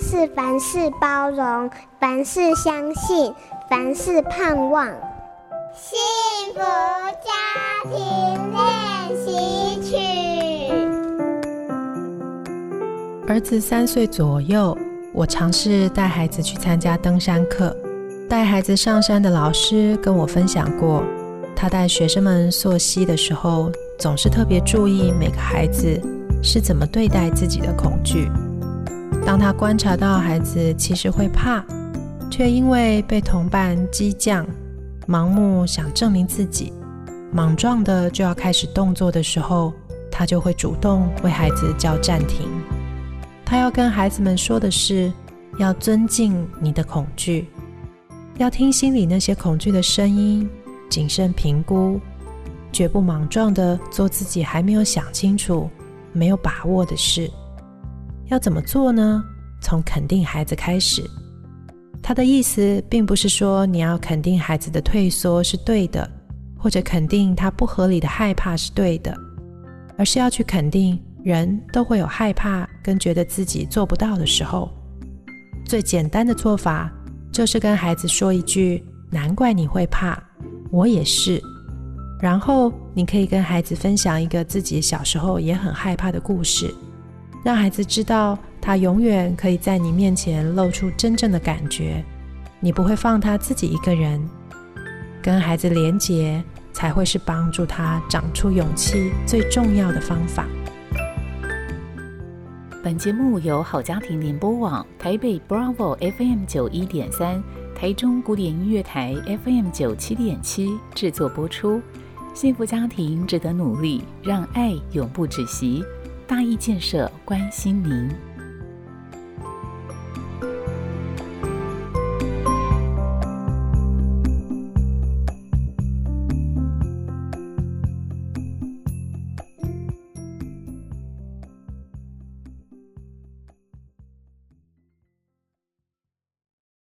是凡事包容，凡事相信，凡事盼望。幸福家庭練習曲。兒子三歲左右，我嘗試帶孩子去參加登山課。帶孩子上山的老師跟我分享過，他帶學生們溯溪的時候，總是特別注意每個孩子是怎麼對待自己的恐懼。當他觀察到孩子其實會怕，卻因為被同伴激將，盲目想證明自己，莽撞的就要開始動作的時候，他就會主動為孩子叫暫停。他要跟孩子們說的是：要尊敬你的恐懼，要聽心裡那些恐懼的聲音，謹慎評估，絕不莽撞的做自己還沒有想清楚、沒有把握的事。要怎麼做呢？從肯定孩子開始。他的意思並不是說你要肯定孩子的退縮是對的，或者肯定他不合理的害怕是對的，而是要去肯定人都會有害怕跟覺得自己做不到的時候。最簡單的做法就是跟孩子說一句：“難怪你會怕，我也是。”然後你可以跟孩子分享一個自己小時候也很害怕的故事。讓孩子知道，他永遠可以在你面前露出真正的感覺，你不會放他自己一個人。跟孩子連結，才會是幫助他長出勇氣最重要的方法。本節目由好家庭聯播網台北 Bravo FM 九一點三、台中古典音樂台 FM 九七點七制作播出。幸福家庭值得努力，讓愛永不止息。大毅建設關心您。